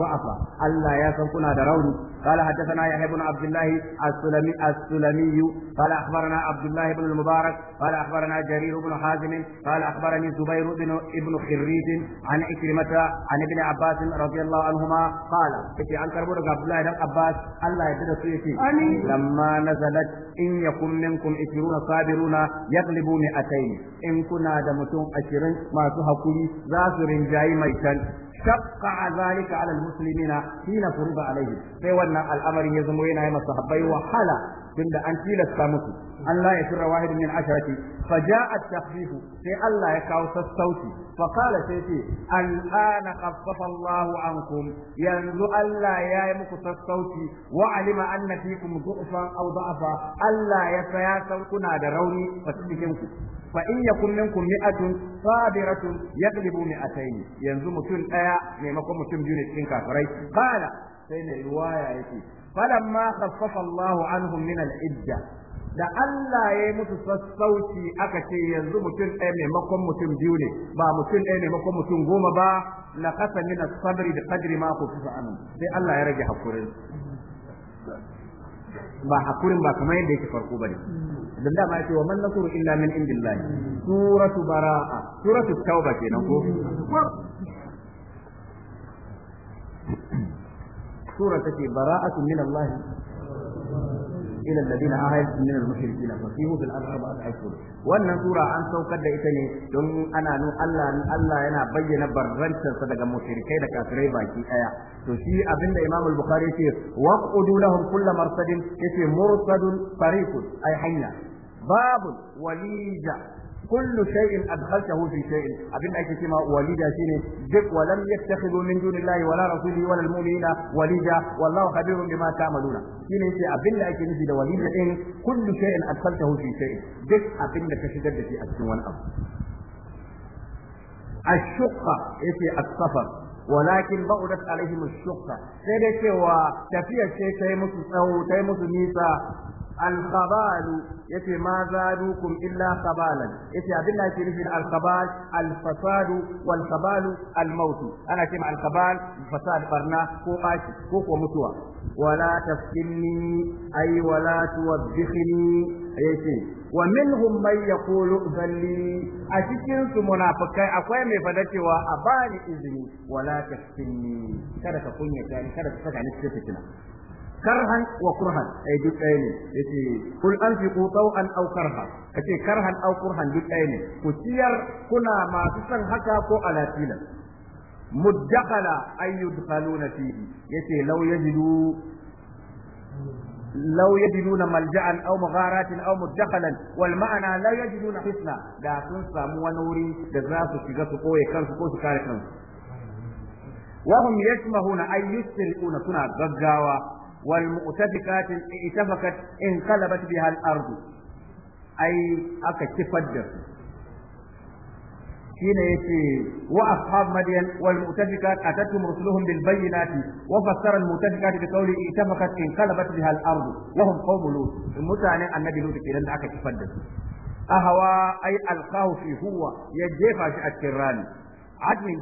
ضعفا الله يا كنا دروني قال حدثنا يحيى بن عبد الله السلمي السلمي قال اخبرنا عبد الله بن المبارك قال اخبرنا جرير بن حازم قال اخبرني زبير بن ابن خريج عن عكرمة عن ابن عباس رضي الله عنهما قال في عن كربون عبد الله بن عباس الله يدد سيتي لما نزلت ان يكن منكم عشرون صابرون يغلبوا مئتين ان كنا دمتم عشرين ما تهكوني ذا سرنجاي ميتان shaqqa zalika ala na hina furida alaihim sai wannan al'amarin ya zamo yana masu masahabbai wahala tunda an tilasta musu Allah ya firra wahid min asharati fa ja'a at-takhfif sai Allah ya kawo sassauci fa qala sai ce al'ana khaffafa Allahu ankum yanzu Allah ya yi muku sassauci wa alima anna fikum du'fan aw Allah ya saya san kuna da rauni a cikin ku fa in yakun minkum mi'atun sabiratun yaglibu mi'atayn yanzu mutum daya maimakon mutum biyu ne cikin kafirai qala sai ne riwaya yake falamma khaffafa Allahu anhum min al-idda da Allah ya yi musu sassauci aka ce yanzu mutum ɗaya maimakon mutum biyu ne ba mutum ɗaya maimakon mutum goma ba la kasa min sabri da qadri ma kusa anu sai Allah ya rage hakurin ba hakurin ba kamar yadda yake farko bane dan da ma yace wa man nasru illa min indillahi suratu baraa suratu tauba kenan ko sura baraa min Allah إلى الذين عاهدتم من wannan sura an saukar da ita ne don ana nu Allah yana bayyana barrantarsa daga mushrikai da kafirai baki ɗaya. to shi abinda Imam al-Bukhari yace waqudu lahum kull marsadin yace mursadun fariqun ai hanya babun walija kullu shay'in adkhaltahu fi abinda abin da ake cewa walida shine duk walam yattakhidhu min dunillahi wala rasulihi wala almu'minina walida wallahu khabirun bima ta'maluna shine ce abin da ake nufi da walida din kullu shai'in adkhaltahu fi shay'in duk abin da ka shigar da shi a cikin wani abu الشقة يتي السفر ولكن بعدت عليهم الشقة sai dai cewa tafiya ce sai musu tsawo ta musu nisa alkhabalu yace ma zadukum illa khabalan yace abinda yake nufi da alkhabal alfasadu walkhabalu almautu ana ce ma alkhabal fasad barna ko bashi ko kuwa mutuwa wala tafkinni ay wala tuwaddikhni yace wa minhum man yaqulu dhalli a cikin su munafikai akwai mai fada a bani izini wala tafkinni kada ka kunya ta kada ka saka ni cikin fitina karhan wa kurhan ai duk ɗaya ne yace kul anfiqu taw'an aw karha kace karhan aw kurhan duk ɗaya ne ku ciyar kuna masu son haka ko alatila mudakhala ay yudkhaluna fihi yace law yajidu لو يجدون ملجا او مغارات او مدخلا والمعنى لا يجدون حسنا دا سن سامو ونوري su زاسو شيغا سو كوي كانسو كو سو كاري كانسو وهم يسمعون اي يسرقون سنا gaggawa. والمؤتفكات اتفقت انقلبت بها الأرض أي أكتفدر shine yace wa ashab madyan wal mutafikat atatum rusuluhum bil bayyinati wa fassara al mutafikat bi qawli itafaqat in qalabat biha al ard wa hum qawm lut mutane annabi lut kenan da aka kifar da su ahawa ay alqahu ya jefa shi a cikin rani adnin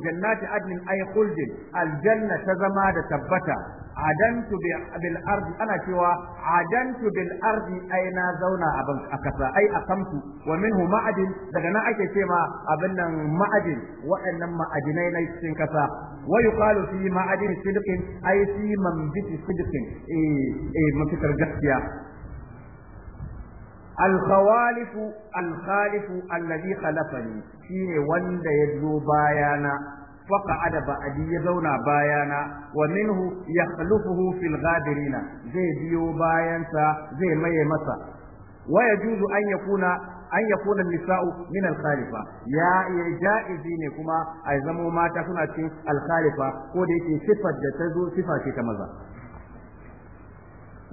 adnin ay khuld ta zama da tabbata adantu bil ardi ana cewa adantu bil ardi ai na zauna a ban kasa ai akamtu wa minhu ma'adin daga nan ake ce ma abin nan ma'adin waɗannan ma'adinai na cikin kasa wa yuqalu fi ma'adin sidqin ai fi manbiti sidqin eh eh mutakar gaskiya الخوالف الخالف الذي خلفني شيء وند يدلو بايانا فقعد بعدي يزونا بايانا ومنه يخلفه في الغابرين زي بيو بايانسا زي مي مسا ويجوز أن يكون an ya kuna nisa'u min al-khalifa ya ya ja'izi ne kuma a zamo mata suna cikin al ko da yake da ta zo ta maza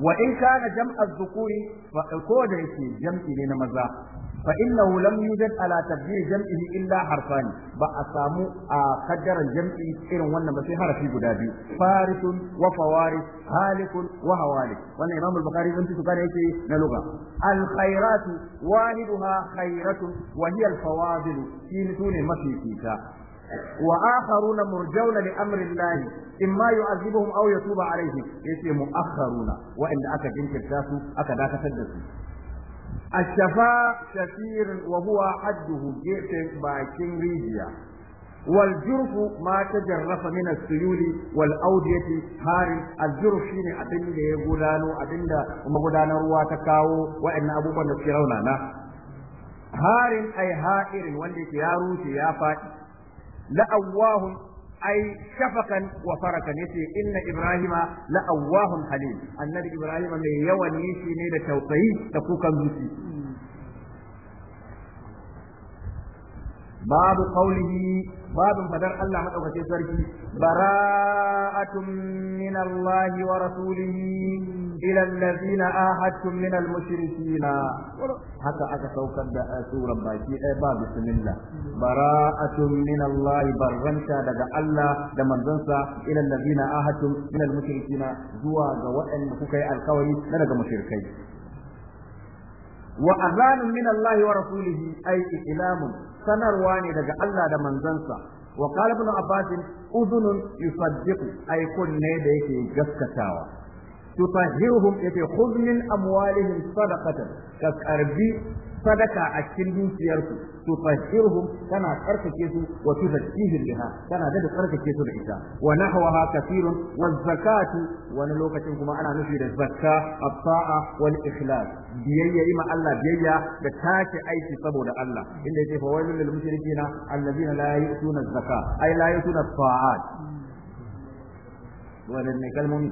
wa in kana jam'a dhukuri fa ko da yake jam'i ne na maza fa innahu lam yujad ala tabdil jam'ihi illa harfan ba a samu a kaddaran jam'i irin wannan ba sai harafi guda biyu farisun wa fawaris halikun wa hawalik wannan imam al-bukhari sun fito kana yake na lugha al khairat wahiduha khairatun wa al fawadil shi ne mafi fita Wa a Haruna murjaunani Amrilahi, in ma yau aljibahun aure su ba alai mu akha wa in aka bincika su aka dakatar da su. A shafa wa buwa adduhu gefen bakin rijiya. Waljirgu mata jarrafa gina siyuli wal aude hari, Aljirgu shi ne abinda ya gudano abinda magudanarwa ta kawo wa'inda abubuwan da suka na Harin ai ha irin wanda ya rufe ya faɗi. la'awahum ai shafakan wa farakan yace inna ibrahima la'awahum hali. annabi ibrahima mai yawan nishi ne da tausayi da kukan zuci babu qaulihi babu fadar Allah madaukakin sarki bara'atun min Allah wa rasulihi إلى الذين آهدتم من المشركين حتى أكسوك سورة باكي إبا بسم الله براءة من الله برنشا لدى الله لمن زنسا إلى الذين آهدتم من المشركين زوا جوائن مكوكي القوي لدى مشركين وأذان من الله ورسوله أي إسلام سنرواني لدى الله لمن da وقال ابن عباس أذن يصدق أي كل ay kunne da tutahhiruhum yace khudh min amwalihim sadaqatan ka karbi sadaka a cikin dukiyarsu tutahhiruhum kana tsarkake su wa tuzakkihim biha kana da tsarkake su da ita wa nahwaha kathirun wa zakatu wani lokacin kuma ana nufi da zakka at-ta'a wal ikhlas biyayya ima Allah biyayya da tace aiki saboda Allah inda yake fa wailul lil mushrikeena alladheena la yu'tuna az-zakata ay la yu'tuna at-ta'at wadanne kalmomi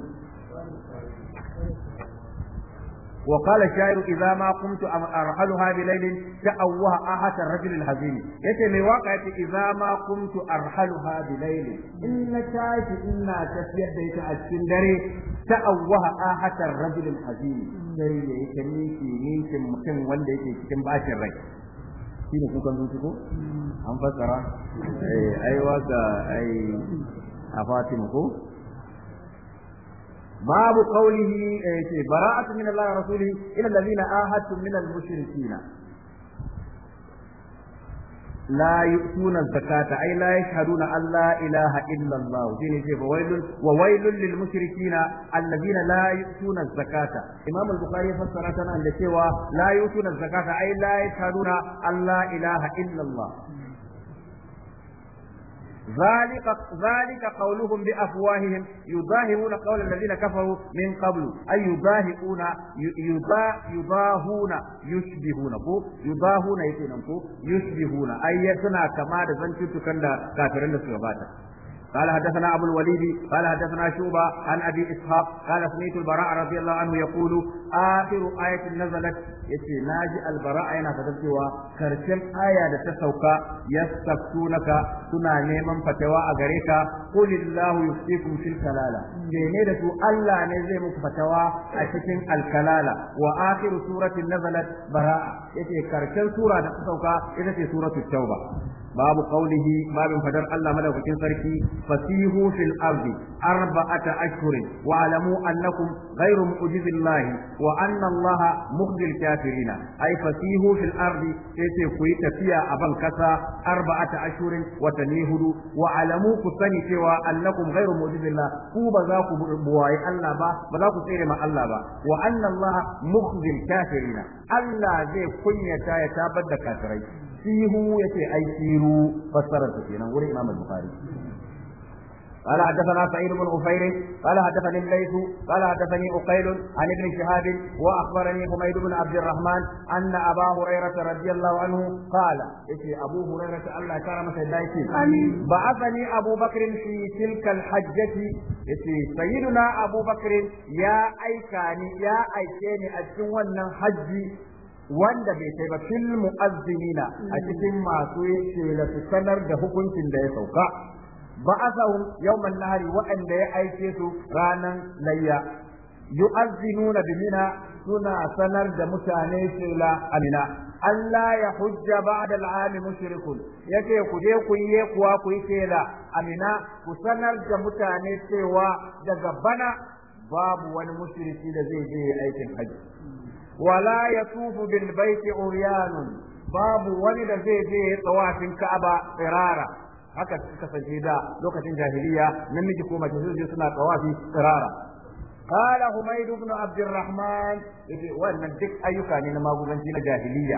وقال الشاعر اذا ما قمت ارحلها بليل تأوه آهة الرجل الهزيم yace mai waka yace idza ma kuntu arhaluha bilayl in na tashi ina tafiyar da ita a cikin dare ta'awwa ahata ar-rajul al-hazim sai yayi kanni ni mutum wanda yake cikin bashin rai shine kukan zuci ko an fassara ai a Fatima ko babu qawlihi yake bara'atu min Allah rasulihi ila alladhina ahadtu min al-mushrikeena la yu'tuna zakata ay la yashhaduna an la ilaha illa Allah dini ce fa waylun wa waylun lil mushrikeena alladhina la yu'tuna zakata imam al-bukhari fassara ta nan da cewa la yu'tuna zakata ay la yashhaduna an la ilaha illa Allah ذلك ذلك قولهم بافواههم يظاهرون قول الذين كفروا من قبل اي يضاهئون يضاهون يشبهون يضاهون يتنكو يشبهون اي سنا كما da zantuttukan da kafirin da suka bata قال حدثنا أبو الوليد قال حدثنا شوبة عن أبي إسحاق قال سمعت البراء رضي الله عنه يقول آخر آية نزلت يتي ناجي البراء أنا فتسوى كرشم آية تسوكا يستفتونك سنا نيما فتوى أغريكا قل الله يفتيكم في الكلالة جينيدة ألا نزيم فتوى أشكين الكلالة وآخر سورة نزلت براء يتي كرشم سورة تسوكا إذا سورة التوبة babu qawlihi babin fadar Allah madaukakin sarki fasihu fil ardi arba'ata ashhurin wa alamu annakum ghayru mu'jizillahi wa anna Allah mukhdil kafirina ay fasihu fil ardi yace ku yi tafiya a ban kasa arba'ata ashhurin watanni hudu wa ku sani cewa annakum ghayru mu'jizillah ku ba za ku buwaye Allah ba ba za ku tsere ma Allah ba wa anna Allah mukhdil Allah zai kunyata ya tabar da kafirai sihu yace ai siru fassarar ta kenan wurin Imam Bukhari قال حدثنا سعيد بن عفير قال حدثني الليث قال حدثني عقيل عن ابن شهاب واخبرني حميد بن عبد الرحمن ان ابا هريره رضي الله عنه قال اتي ابو هريره الله كرم سيدايتي بعثني ابو بكر في تلك الحجه اتي سيدنا ابو بكر يا ايكاني يا ايكاني اجن wannan hajji wanda bai kai ba fil mu'azzinina a cikin masu yake da sanar da hukuncin da ya sauka ba'athahum yawman nahari wa'anda ya aike su ranan layya yu'azzinuna bimina suna sanar da mutane la amina Allah ya hujja ba'da al'am mushrikun yake ku je ku yi kuwa ku yi amina ku sanar da mutane cewa daga bana babu wani mushriki da zai je aikin haji ولا يطوف بالبيت عريان babu wani da zai je tsawafin Ka'aba tsirara haka suka kasance da lokacin jahiliya namiji ko mace zai je suna tsawafi tsirara قال حميد بن عبد الرحمن wannan duk ayyuka ne na magudanci na jahiliya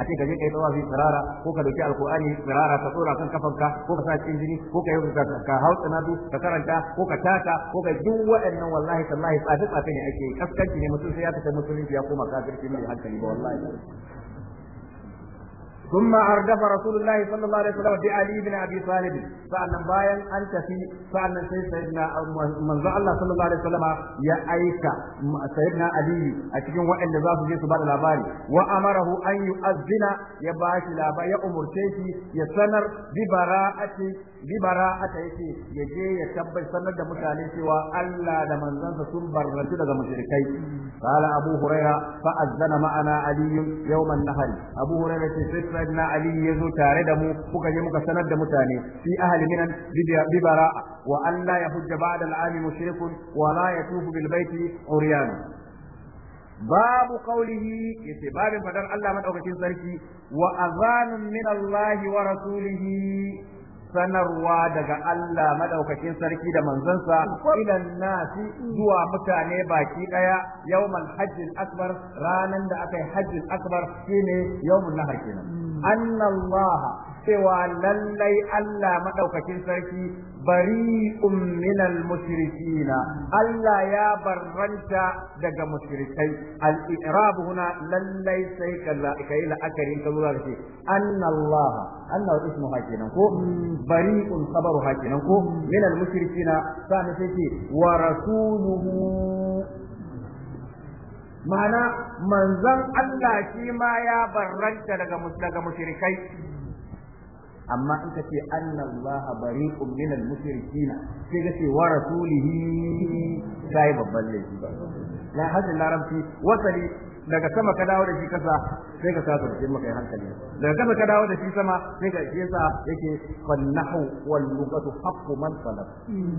a ce ka je ka yi tsawafi tsirara ko ka dauki alkur'ani tsirara ka tsora kan kafanka ko ka sa cikin jini ko ka yi ka hautsa na ka karanta ko ka taka ko ka duk waɗannan wallahi tallahi tsafe tsafe ne ake kaskanci ne mutum sai ya fita musulunci ya koma kafirci ne hankali ba wallahi ثم أردف رسول الله صلى الله عليه وسلم بعلي بن أبي طالب فأنا بايا أنت في فأنا سيدنا من الله صلى الله عليه وسلم يا أيكا سيدنا علي أتكلم وإن ذات جيس بعد الأباري وأمره أن يؤذن يباش لابا يا أمر يسنر ببراءة ببراءة يجي يتبع سنر دا متعليسي وألا دا منزنس سنبر رسول دا مشركي قال أبو هريرة فأذن معنا علي يوم النهر أبو هريرة سيدنا na ali ya zo tare da mu kuka yi muka sanar da mutane fi ahli minan bi bara'a wa an la yahujja ba'da al'ami mushrikun wa la yatufu bil baiti uryan babu qawlihi yace babin fadar Allah madaukakin sarki wa azanun min Allah wa rasulihi sanarwa daga Allah madaukakin sarki da manzansa ilan nasi zuwa mutane baki daya yawmal hajjil akbar ranan da aka yi hajjil akbar shine yawmun nahar kenan hmm. annallaha cewa lallai Allah madaukakin sarki bari'un minal mushrikina Allah ya barranta daga mushrikai al-i'rab huna lallai sai kai la'akarin ka zuwa ce anna Allah anna ismu hakinan ko bari bari'un khabaru hakinan ko minal mushrikina sai sai ce wa rasuluhu ma'ana manzon Allah shi ma ya barranta daga daga mushrikai amma in ka ce anna Allah bari'un min al-mushrikina sai ka ce wa rasulihi sai babban laifi ba la hadin larabci wasali daga sama ka dawo da shi kasa sai ka kasa cikin maka hankali daga sama ka dawo da shi sama sai ka sa yake fan nahwu wal lughatu haqqu man talab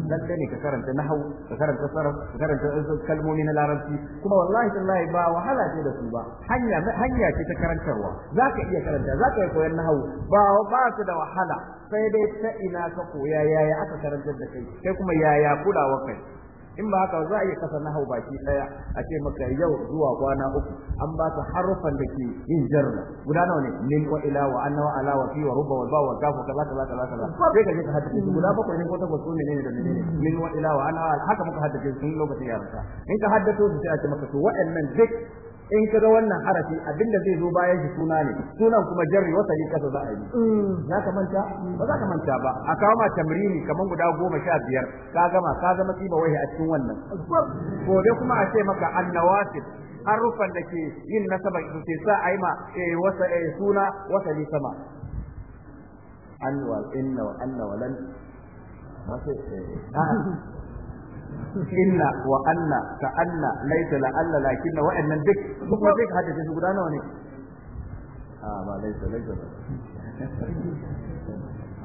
dan ne ka karanta nahwu ka karanta sarf ka karanta kalmomi na larabci kuma wallahi tallahi ba wahala ce da su ba hanya hanya ce ta karantarwa zaka iya karanta zaka iya koyan nahwu ba ba su da wahala sai dai ta ina ka koya yaya aka karantar da kai sai kuma yaya kulawa kai in ba haka za a iya kasa nahau baki daya a ce maka yau zuwa kwana uku an ba ta harufan da ke yin jarra guda nawa ne min wa ila wa anna wa ala wa fi wa rubba wa ba wa gafu kaza kaza kaza kaza sai ka je ka haddace guda bakwai ne ko takwas ne ne da ne min wa ila wa anna haka muka haddace sun lokacin yarinta in ka haddace su sai a ce maka to wa'annan duk in kaga wannan harafi abinda zai zo bayan shi suna ne sunan kuma jarri wata ne kasa za a mm. yi za ka manta ba za ka manta ba a kawo ma tamrini kamar guda goma sha biyar ka gama ka zama tsiba wai a cikin wannan gobe kuma a ce maka annawasib harufan da ke yin nasaba ke sa a yi ma eh, wasa eh, suna wata ne sama annawal inna wa inna wa anna ta anna laita la alla lakin wa anna duk wanda ka hada su guda nawa ne a ba laita laita ba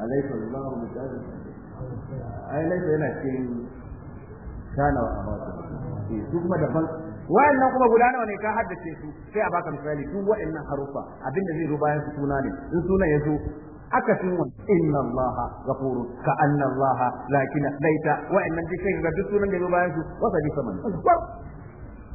alaysa Allahu mutazi ai laita yana cikin kana wa amata eh, su kuma daban wa'annan kuma guda nawa ne ka haddace su sai a baka misali duk wa'annan harufa abinda zai zo bayan su suna ne in suna ya zo aka fi mun inna allaha ghafuru ka anna allaha lakin laita wa inna dukkan ga duk sunan da bayan su wa sabi saman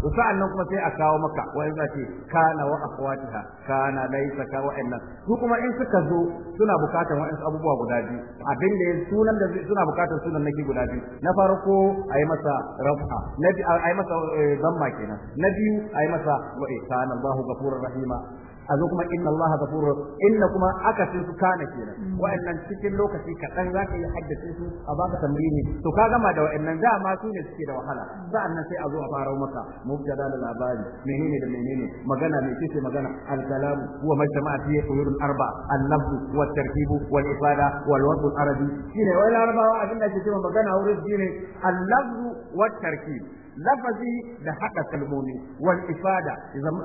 to sa'an nan kuma sai a kawo maka wa yanzu ce kana wa akwatiha kana laita ka wa inna su kuma in suka zo suna bukatar wa'ansu abubuwa guda biyu abin da sunan da suna bukatar sunan nake guda biyu na farko ayi masa rafa na ayi masa eh, zamma kenan na biyu ayi masa wa eh, kana allahu ghafurur rahima a zo kuma inna allaha ghafurur inna kuma aka sun su kana kenan mm. wa'annan cikin lokaci kaɗan za ka yi haddace su a baka ne. to ka gama da wa'annan dama su ne suke da wahala nan sai a zo a fara maka mubtada da labari menene da menene magana mai ce magana al-kalam huwa ma jama'a fi qulubul arba al-lafz wa tarkibu wal ifada wal wasf al-arabi shine wai larabawa abinda ake ke cewa magana wurin shine al-lafz wa tarkib lafazi da haka kalmomi wal ifada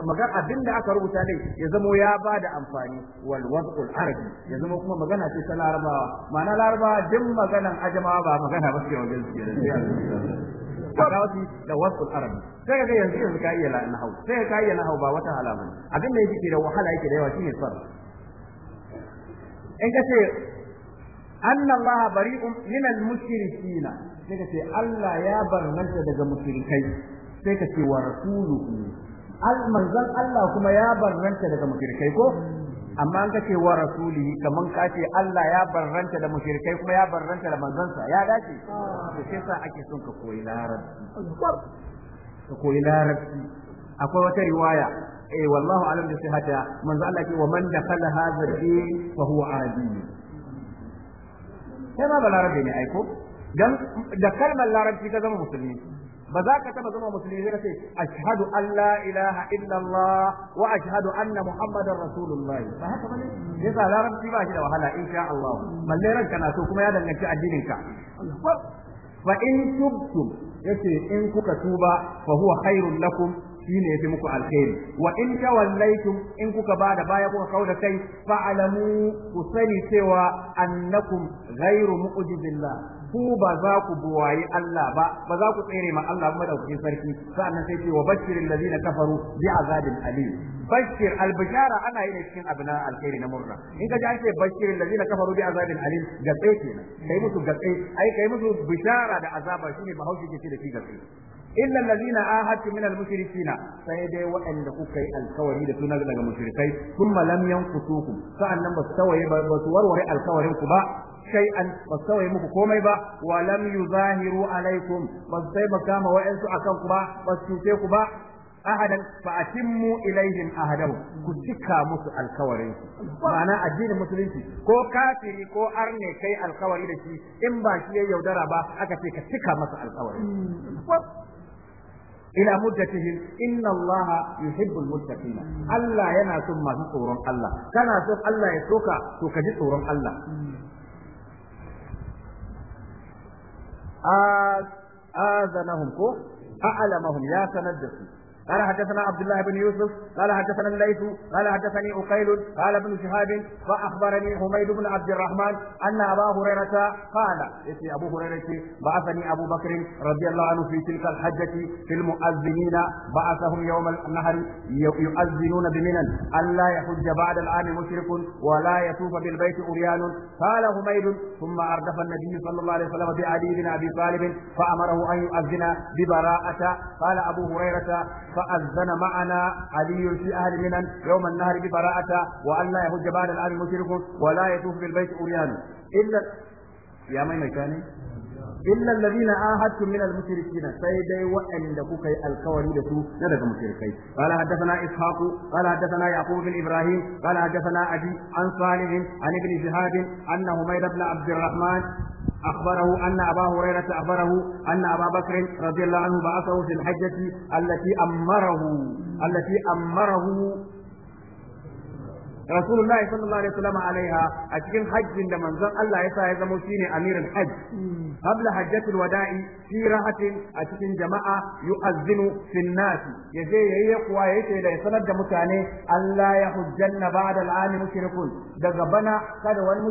magana abin da aka rubuta dai ya zamo ya ba da amfani wal wad'ul arabi ya zamo kuma magana ce ta larabawa ma'ana larabawa duk maganan ajamawa ba magana ba ce wajen su Farauti da wasu arabi sai ga yanzu yanzu ka iya nahau sai ka iya nahau ba wata halama abin da yake da wahala yake da yawa shine sar in ka ce anna allaha bari'un minal al-mushrikina sai ka ce Allah ya barnanta daga mushrikai sai ka ce wa rasuluhu al manzon Allah kuma ya barnanta daga mushrikai ko amma an kace wa rasulihi kaman ka ce Allah ya barranta da mushrikai kuma ya barranta da sa ya dace to sai sa ake son ka koyi larabci ka koyi larabci akwai wata riwaya eh wallahu alam da sihata manzo Allah ke wa man dakhala hadha din fa huwa arabi sai ma balarabe ne aiko dan da kalmar larabci ka zama musulmi ba za ka taba zama musulmi sai ka ce ashhadu an la ilaha illallah wa ashhadu anna muhammadar rasulullah ba haka bane yasa larabci ba shi da wahala insha Allah balle ranka na so kuma ya danganci addinin ka fa in tubtum yace in kuka tuba fa huwa khairul lakum shine yafi muku alkhairi wa in tawallaytum in kuka bada baya kuka kauda kai fa alamu ku sani cewa annakum ghairu mu'jizillah ku ba za ku buwaye Allah ba ba za ku tsere ma Allah ba madaukakin sarki sa'annan sai ce wa bashirin allazina kafaru bi azabin alim bashir albishara ana yi cikin abin alkhairi na murna in ka ji an ce bashir allazina kafaru bi azabin alim gatse kenan kai musu gatse ai kai musu bishara da azaba shine bahaushe ke ce da shi gatse illa allazina ahadtu min al sai dai waɗanda kuka yi alkawari da sunan daga mushrikai kuma lam yanqutukum sa'annan ba su ba su warware alkawarin ku ba shay'an ba su tawaye muku komai ba wa lam yuzahiru alaikum ba su taimaka ma wa'ansu akan ku ba ba su cuce ku ba ahadan fa atimmu ilaihim ahadahu ku cika musu alkawarin ma'ana addinin musulunci ko kafiri ko arne kai alkawari da shi in ba shi ya yaudara ba aka ce ka cika masa alkawarin hmm. ila muddatihim inna allaha yuhibbul muttaqina Allah yana son masu tsoron Allah kana son Allah ya soka to ka ji tsoron Allah azanahum ko a'lamahum ya sanar da su قال حدثنا عبد الله بن يوسف قال حدثنا الليث قال حدثني أقيل قال ابن شهاب فاخبرني حميد بن عبد الرحمن ان ابا هريره قال يسي ابو هريره بعثني ابو بكر رضي الله عنه في تلك الحجه في المؤذنين بعثهم يوم النهر يؤذنون بمنن الا يحج بعد العام مشرك ولا يطوف بالبيت أريان قال حميد ثم اردف النبي صلى الله عليه وسلم بعلي بن ابي طالب فامره ان يؤذن ببراءه قال ابو هريره فأذن معنا علي في أهل منن يوم النهر ببراءة وأن لا يهج بعد الآن مشرك ولا يطوف بالبيت أريان إلا يا من مكاني إلا الذين آهدتم من المشركين سيدي وأن لكوك الكواري لسو ندك مشركين قال حدثنا إسحاق قال حدثنا يعقوب بن إبراهيم قال حدثنا أبي عن صالح عن ابن شهاب أن همير بن عبد الرحمن أخبره أن أبا هريرة أخبره أن أبا بكر رضي الله عنه بعثه في الحجة التي أمره التي أمره rasulullahi sallallahu alaihi wasallam alaiha a cikin hajjin da manzon Allah ya sa ya zama shine amirul hajj qabla hajjatul wada'i fi rahatin a cikin jama'a yu'azzinu fin nas yaje yayi kuwa yace da ya sanar da mutane Allah ya hujjanna ba'da al'am mushrikun daga bana kada wani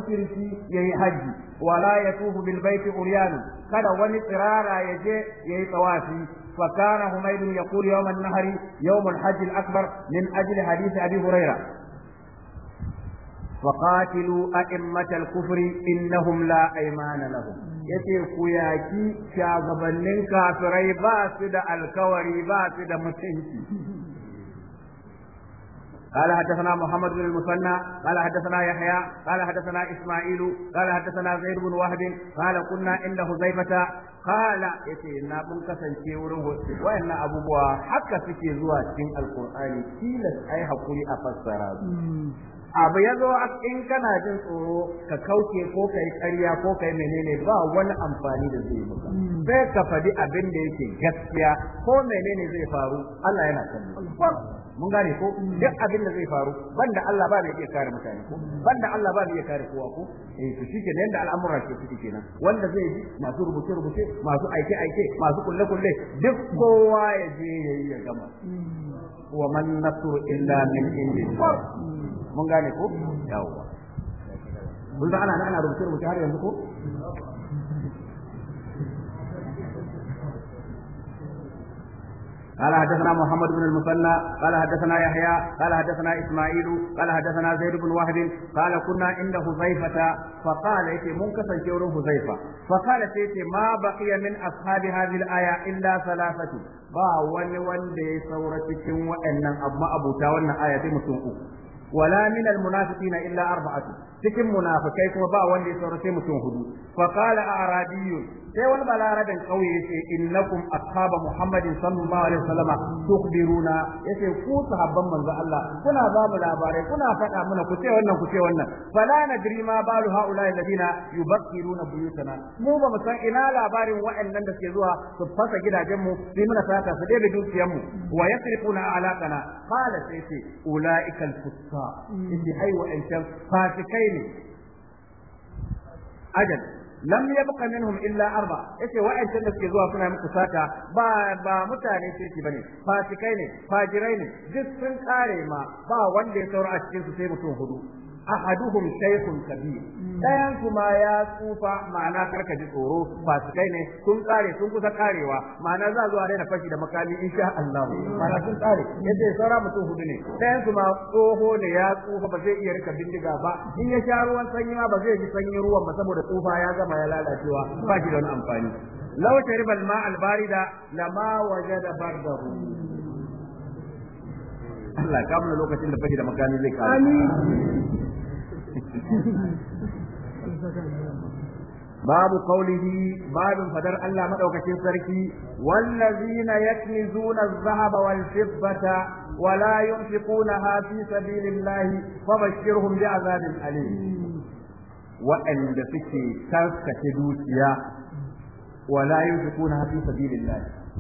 ya yi hajji wala ya tuhu baiti uryanu kada wani tsirara yaje yayi tawafi فكان حميد يقول يوم النهر يوم الحج الأكبر من أجل حديث أبي هريرة وقاتلوا أئمة الكفر إنهم لا أيمان لهم yace ku yaki shagabannin kafirai ba su da alkawari ba su da mutunci قال حدثنا محمد بن المثنى قال حدثنا يحيى قال حدثنا اسماعيل قال حدثنا زيد بن وهب قال كنا عند حذيفة قال yace na mun kasance wurin hoto wayannan abubuwa haka suke zuwa cikin alqur'ani tilas ai hakuri a fassara abu ya zo in kana jin tsoro ka kauce ko ka yi ƙarya ko ka yi menene ba wani amfani da zai maka hmm. sai ka faɗi abin da yake gaskiya ko menene zai faru Allah yana kan mun gane ko hmm. duk abin da zai faru banda Allah ba zai iya kare mutane ko hmm. banda Allah ba zai iya kare kowa ko eh to shi kenan da al'amuran ke suke kenan wanda zai ji masu rubuce rubuce masu aike aike masu kulle kulle duk kowa ya je yayi ya gama wa man nasru illa min indillah mun gane ko mun da ana nan ana rubuce rubuce har yanzu ko قال حدثنا محمد بن المثنى قال حدثنا يحيى قال حدثنا اسماعيل قال حدثنا زيد بن وهب قال كنا عند حذيفة فقال يتي منكسا جور حذيفة فقال يتي ما بقي من اصحاب هذه الآية الا ثلاثة با wanda ya سورة cikin اما ابو abuta wannan aya sai mutum uku ولا من المنافقين إلا أربعة تكم منافقين وبا وندي سورة متون هدو فقال أعرابي sai wani balarabin kauye yace innakum ashaba muhammadin sallallahu alaihi wasallama tukhbiruna yace ku sahabban manzo Allah kuna ba mu labarai kuna faɗa mana ku ce wannan ku ce wannan fala nadri ma balu haula alladina yubakkiruna buyutana mu ba mu san ina labarin wa'annan da ke zuwa su fasa gidajen mu su mana sata su ɗebe dukiyar mu wa yasrifuna alaqana qala sai ce ulaikal fusta inda ai wa'ancan fasikai ne ajal lam yabqa minhum illa arba yace wa'ancan da suke zuwa suna muku sata ba ba mutane kirki bane fasikai ne fajirai ne duk sun kare ma ba wanda ya saura a cikin su sai mutum hudu ahaduhum shaykhun kabir mm. dayan kuma ya tsufa ma'ana karka ji tsoro fasikai ne sun tsare sun kusa karewa ma'ana za zuwa daina fashi da makami insha Allah mm. ma'ana sun tsare yadda saura mutum hudu ne dayan kuma tsoho ne ya tsufa ba zai iya rika bindiga ba in ya sha ruwan sanyi ma ba zai ji sanyin ruwan ba saboda tsufa ya gama ya lalacewa ba shi da wani amfani law shariba ma al-barida lama wajada bardahu mm. Allah ka lokacin da fashi da makami zai kawo babu qaulihi babu fadar Allah maɗaukacin sarki wallazina yaknizuna adh-dhahaba wal-fiddata wa la yunfiqunaha fi sabilillahi fabashshirhum bi'adhabin alim wa'anda suke taskace dukiya wa la yunfiqunaha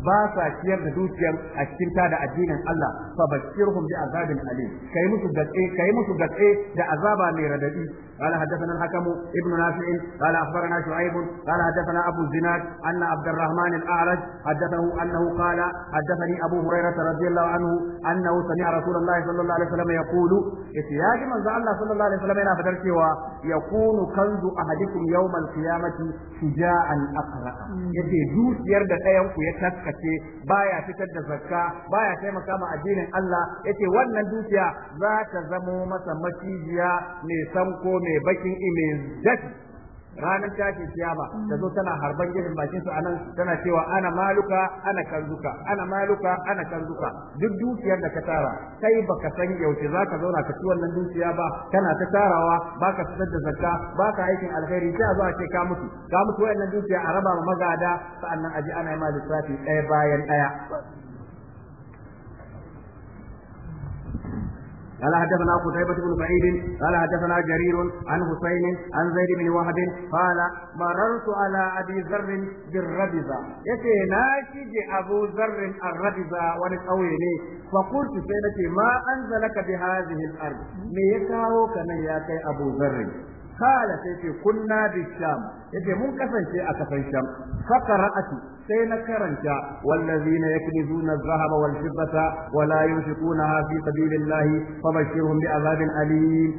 ba sa ciyar da dukiyar a cikin da addinin Allah fa bashirhum bi azabin alim kai musu gatse kai musu gatse da azaba mai radadi قال حدثنا الحكم ابن نافع قال اخبرنا شعيب قال حدثنا ابو الزناد ان عبد الرحمن الاعرج حدثه انه قال حدثني ابو هريره رضي الله عنه انه سمع رسول الله صلى الله عليه وسلم يقول اتياج من الله صلى الله عليه وسلم yana fadar cewa يكون كنز احدكم يوم القيامه شجاعا اقرا yace dukiyar da ɗayan ku ya taskace baya fitar da zakka baya taimaka ma addinin Allah yace wannan dukiya za ta zamo masa macijiya mai sanko mai bakin mai zafi ranar tashin kiyama ta zo tana harban gidan bakin su anan tana cewa ana maluka ana karzuka ana maluka ana karzuka duk dukiyar da ka tara kai baka san yaushe zaka zauna ka ci wannan dukiya ba tana ta tarawa baka fitar da zakka ka aikin alkhairi ta zuwa ce ka mutu ka mutu wannan dukiya a raba ma magada sa'annan aji ana yi ma lissafi ɗaya bayan ɗaya قال حدثنا قتيبة بن سعيد قال حدثنا جرير عن حسين عن زيد بن وهب قال مررت على أبي ذر بالربزة يتي ناشج أبو ذر الربزة ونسأويني فقلت سيدتي ما أنزلك بهذه الأرض ميكاو كان يا أبو ذر kala sai ce kunna bi sham yace mun kasance a kasan sham fa qara'atu sai na karanta wallazina yaknizuna adh-dhahaba wal fiddata wa la yunfiqunaha fi sabilillahi fabashshirhum bi azabin alim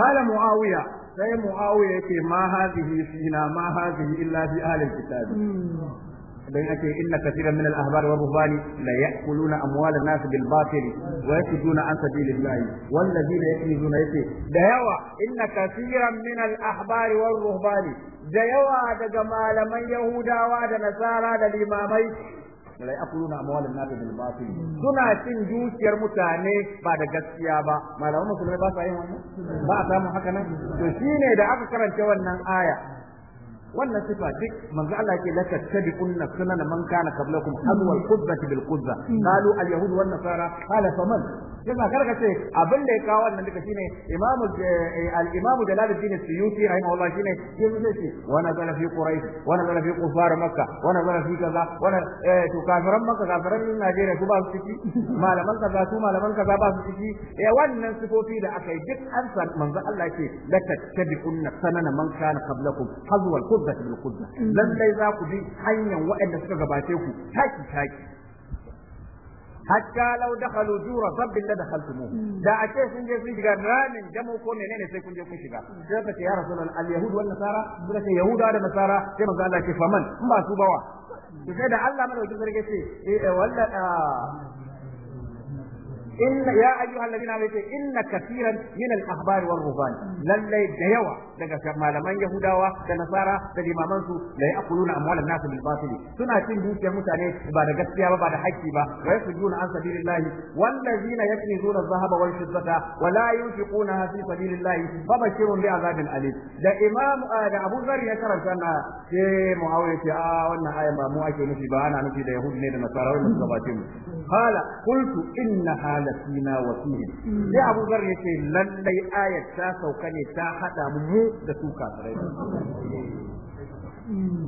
qala muawiya sai muawiya yace ma hadhihi fina ma hadhihi illa fi ahli kitab hmm. dan ake inna min al-ahbar wa ruhbani la ya'kuluna amwal an-nas bil batil wa yasuduna an sabilillah wal ladina da yawa inna kaseeran min al-ahbar wa ruhbani da yawa daga malaman yahudawa da nasara da limamai la ya'kuluna amwal an-nas bil batil suna cin dukiyar mutane ba da gaskiya ba malaman musulmai ba sa yin wannan ba a samu haka nan to shine da aka karanta wannan aya wannan sifa duk manzo Allah yake laka tabi'unna sunan man kana qablakum awwal qubbati bil qubba qalu al yahud wan nasara qala faman yasa karka ce abin da ya kawo wannan duka shine Imam eh, al imamu jalaluddin suyuti rahimahullah shine yanzu zai ce wa nazala fi quraish wa nazala fi kufar makka wa nazala fi kaza wa eh, to kafiran makka kafiran najeriya su ba su ciki malaman kaza su malaman kaza ba su ciki eh wannan sifofi da aka yi duk an san manzo Allah yake laka tabi'unna sunan man kana qablakum hazwal khudda bil khudda lallai za ku bi hanyar waɗanda suka gabace ku taki taki hatta law dakhalu jura rabbin da a ce sun je sun shiga ramin jamo ko ne sai kun je kun shiga sai ka ce ya rasulullah al yahud wal nasara sai ce yahuda da nasara sai manzo Allah ce faman ba su bawa da ce eh Ya إن يا أيها الذين آمنوا إن كثيرا من الأحبار Lallai da yawa daga malaman Yahudawa da Nasara da limaman su da ya akuluna amwalan nasu bil batili suna cin dukiyar mutane ba da gaskiya ba ba da haƙƙi ba wa yasuduna an sabilillahi wallazina yaknizuna adh-dhahaba wal fiddata wa la yunfiqunaha fi sabilillahi fabashirhum bi azabin alim da imam da Abu Dharr ya karanta na ce Muawiya ce a wannan ayan ba mu ake nufi ba ana nufi da Yahudi ne da Nasara wannan gabatin mu qala qultu inna hala kana wa fihi mm. sai Abu Zar yace lallai ayat ta sauka ne ta hada mu da su kafirai mm.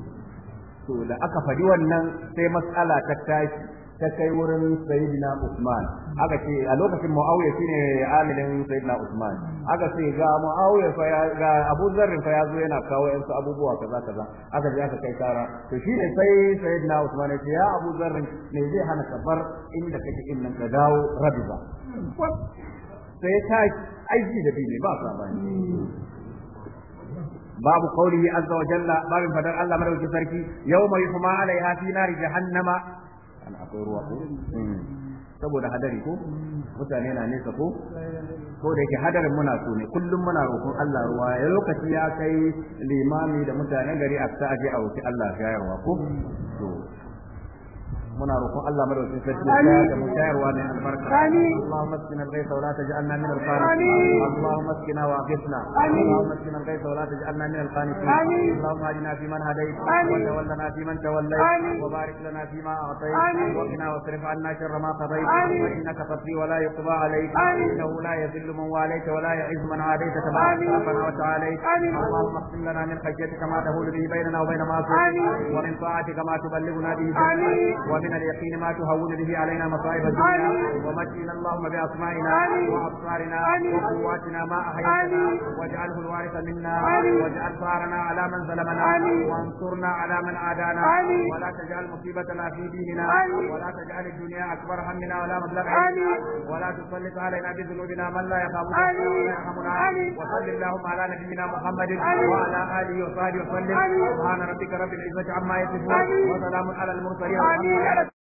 to da aka faɗi wannan sai matsala ta tashi ta kai wurin sayyidina Usman aka ce a lokacin muawiya shine amilin sayyidina usman aka ce ga muawiya fa ya ga abu zarrin fa ya zo yana kawo yan su abubuwa kaza kaza aka ji aka kai kara to shine sai sayyidina usman ya ce ya abu zarrin me zai hana ka bar inda kake in nan ka dawo rabiba sai ta aiki da bi ne ba sabani باب قوله عز وجل باب فدر الله ملوك سركي يوم يحمى عليها في نار akwai ruwa ko. Hmm. saboda hadari ko mutane na nesa ko ko da yake hadarin muna so ne kullum muna roƙon Allah ruwa ya lokaci ya kai limami da mutane gari a ta aje a roki Allah shayarwa ko to muna roƙon Allah madaukakin sarki ya da mu tayarwa ne albarka Allahumma askina al-ghayth wa la taj'alna min al-qanitin Allahumma askina wa aghithna Allahumma askina al-ghayth wa la taj'alna min al-qanitin Allahumma hadina fi man hadayt wa tawallana fi man tawallayt wa barik lana fi ma a'tayt wa qina wasrif 'anna sharra ma qadayt wa innaka taqdi wa la اقسم لنا من خشيتك ما تهول به بيننا وبين معصيتك ومن طاعتك ما تبلغنا به ومن اليقين ما تهون به علينا مصائب الدنيا ومجئنا اللهم بأسمائنا وأبصارنا وقواتنا ما أحييتنا واجعله الوارث منا واجعل صارنا على من ظلمنا وانصرنا على من عادانا ولا تجعل مصيبتنا في ديننا ولا تجعل الدنيا أكبر همنا ولا مبلغ ولا تسلط علينا بذنوبنا من لا يخافنا ولا يرحمنا وصل اللهم على نبينا محمد وعلى آله وصحبه وسلم سبحان ربك رب العزة عما يصفون وسلام على المرسلين